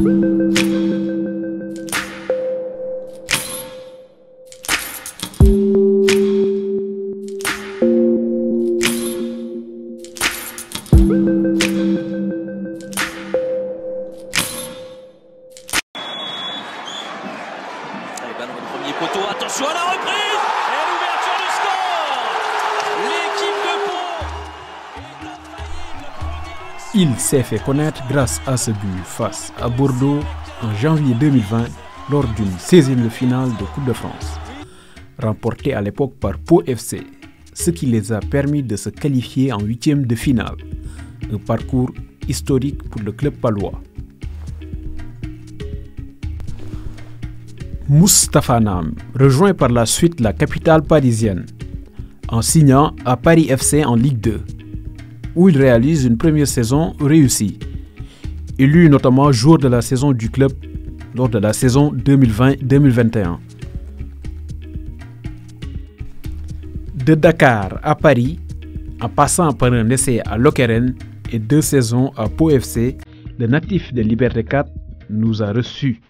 Allez, ballon le premier poteau, attention à la reprise Il s'est fait connaître grâce à ce but face à Bordeaux en janvier 2020 lors d'une 16e finale de Coupe de France, remportée à l'époque par Pau FC, ce qui les a permis de se qualifier en 8e de finale, un parcours historique pour le club palois. Mustapha Nam rejoint par la suite la capitale parisienne en signant à Paris FC en Ligue 2 où il réalise une première saison réussie. Élu notamment jour de la saison du club lors de la saison 2020-2021. De Dakar à Paris, en passant par un essai à Lokeren et deux saisons à Pau FC, le natif de Liberté 4 nous a reçus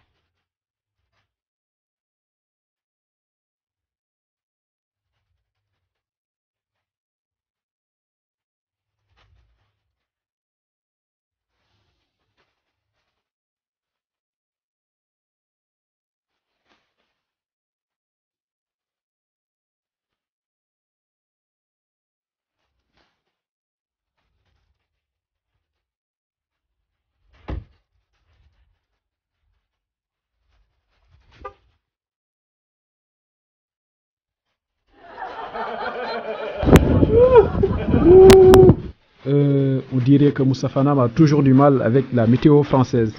Euh, on dirait que Moussa a toujours du mal avec la météo française.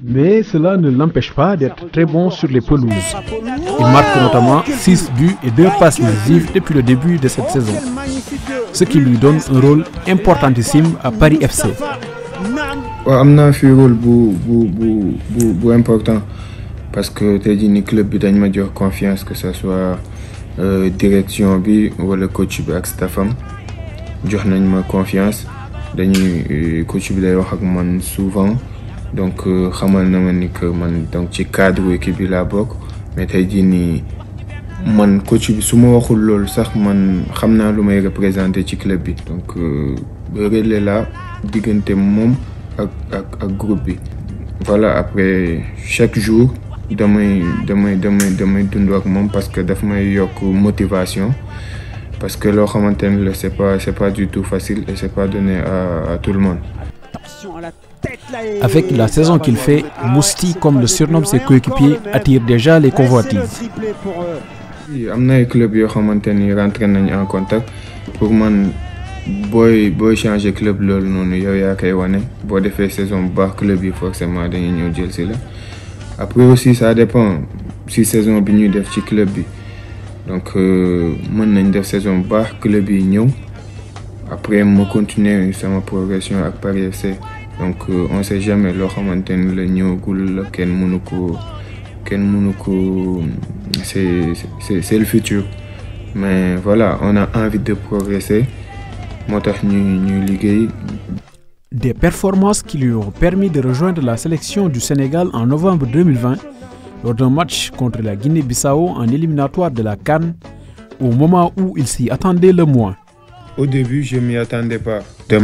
Mais cela ne l'empêche pas d'être très bon sur les pelouses. Il marque notamment 6 buts et 2 passes décisives depuis le début de cette saison ce qui lui donne un rôle importantissime à Paris FC. waaw am fi rôle bu bu bu bu bu important parce que tey dit ni club bi dañ ma jox confiance que ça soit euh, direction bi wala coach bi ak staffam jox nañ ma confiance dañuy euh, coach bi day wax ak man souvent donc euh, xamal na ma ni que man donc ci cadre équipe bi la bokk mais tey dit nii man coach bi su ma waxul loolu sax man xam naa lu may représenté ci club bi. donc euh, relais la diggante moom ak ak ak groupe bi. voilà après chaque jour damay damay damay damay dund ak moom parce que daf may yokk motivation parce que loo xamante ne la c'est pas c'est pas du tout facile et c'est pas donné à à tout le monde. Avec la saison qu'il fait, Mousti, comme le surnomme ses coéquipiers, attire déjà les convoitises am na ay club yoo xamante ni rentré nañ en contact pour man booy booy changer club loolu noonu yow yaa koy wane boo defee saison bu baax club yi forcément dañuy ñëw jël si la après aussi ça dépend si saison bi ñuy def ci club bi donc euh, mën nañ def saison bu baax club yi ñëw après ma continuer sama progression ak Paris FC donc euh, on sait jamais loo xamante ni la ñëwagul la kenn mënu ko kenn mënu ko c'est le futur mais voilà on a envie de progresser des performances qui lui ont permis de rejoindre la sélection du Sénégal en novembre 2020 lors d'un match contre la Guinée-Bissau en éliminatoire de la Cannes au moment où il s'y attendait le moins. Au début, je ne m'y attendais pas. à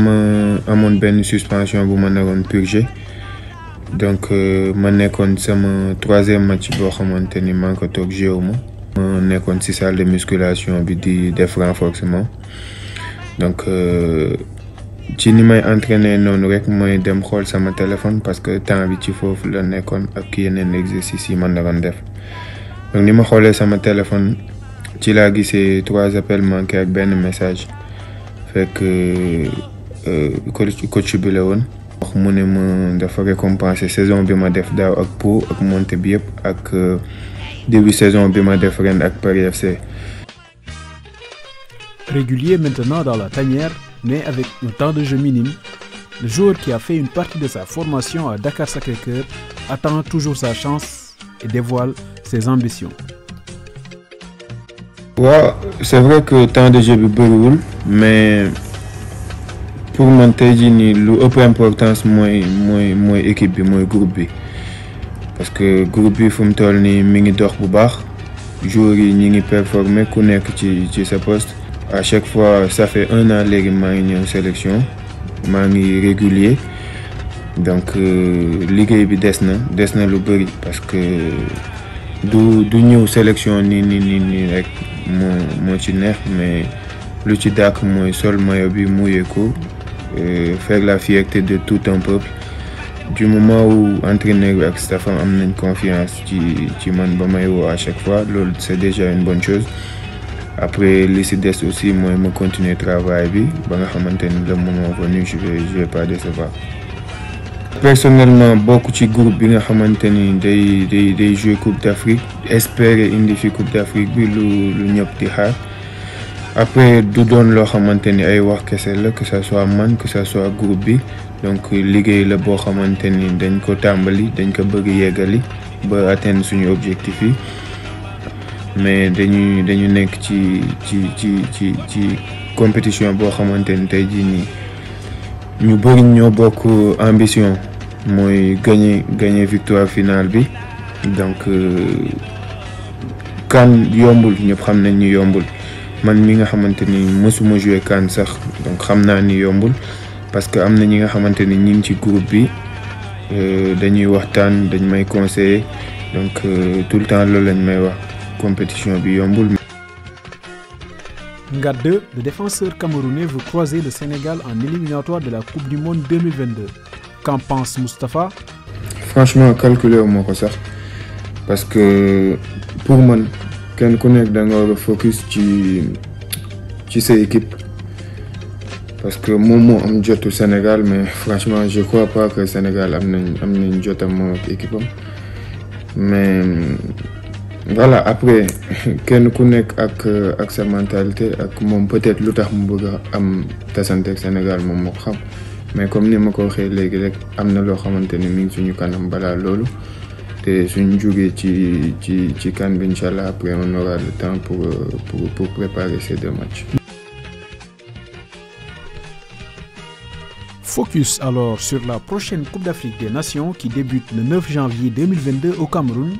mon ben suspension bu mon purgé donc euh, ma suis sama troisième match je suis man salle de musculation bi di renforcement donc euh, ci ni may entraîner non, rek téléphone parce que temps bi ci la exercice yi man la donc ni ma téléphone ci trois appels manqués ak message euh, coach coach wax mu ne ma dafa récompenser saison bi ma def daaw ak Pau ak monté bi yëpp ak euh, début saison bi ma def ren ak Paris FC. Régulier maintenant dans la tanière, mais avec un temps de jeu minime, le joueur qui a fait une partie de sa formation à Dakar Sacré-Cœur attend toujours sa chance et dévoile ses ambitions. Ouais, c'est vrai que temps de jeu est mais pour man tey jii nii importance mooy mooy mooy équipe bi groupe bi parce que groupe bi faut mu toll nii mi ngi dox bu baax joueurs yi ngi performer ku nekk ci ci poste. à chaque fois ça fait un an léegi maa ngi ñëw sélection maa ngi régulier donc euh, ligue bi des na des na lu bëri parce que du du ñëw sélection ni ni ni nii rek moo moo ci neex mais lu ci dàkk mooy seul, moi bi muyee faire la fierté de tout un peuple. Du moment où entraîner avec staff amène une confiance qui ci à chaque fois c'est déjà une bonne chose après l'ICDS aussi je vais continuer travail le moment venu je vais vais pas décevoir. personnellement beaucoup de groupes ont nga xamante coupe d'Afrique espérer une coupe d'Afrique après du doon loo xamante ay wax kese la que ça soit man que ça soit groupe bi donc liguey la bo xamanteni dañ ko tambali dañ ko bëgg yeggali ba atteindre suñu objectif yi mais dañu dañu nekk ci ci ci ci ci compétition boo xamante ni tey jii ñu bëri ñoo bokk ambition mooy gagner gagner victoire finale bi donc euh, kan yombul ñëpp xam nañ ñu yombul man mi nga xamanteni ni mësuma jouer kan sax donc xamna ni yombul parce que amna ñi nga xamanteni ni ñi ci groupe bi euh dañuy waxtaan dañ may conseiller donc euh, tout le temps loolu lañ may wax compétition bi yombul. Ngadde, le défenseur camerounais, veut croiser le Sénégal en éliminatoire de la Coupe du Monde 2022. Qu'en pense Mustapha Franchement, calculer au moins ça. Parce que pour moi, kenn ku nekk da nga focus ci ci sa équipe parce que moom moo am jotu Sénégal mais franchement je crois pas que Sénégal am nañ am nañ jotam moom équipe mais voilà après kenn ku nekk ak ak sa mentalité ak moom peut-être lu tax mu bëgg a am tasante ak Sénégal moom moo ko xam mais comme ni ma ko waxee léegi rek am na loo xamante ni mi ngi suñu kanam balaa loolu après on aura le temps pour préparer ces deux matchs. Focus alors sur la prochaine Coupe d'Afrique des Nations qui débute le 9 janvier 2022 au Cameroun.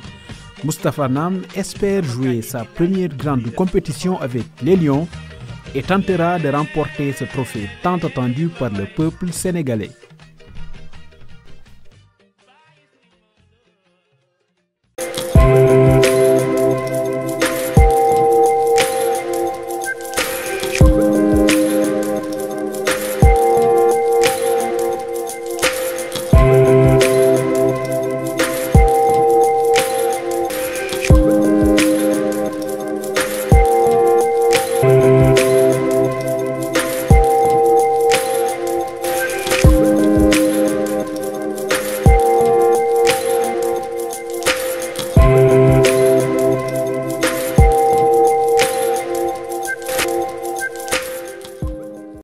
Mustapha Nam espère jouer sa première grande compétition avec les Lions et tentera de remporter ce trophée tant attendu par le peuple sénégalais.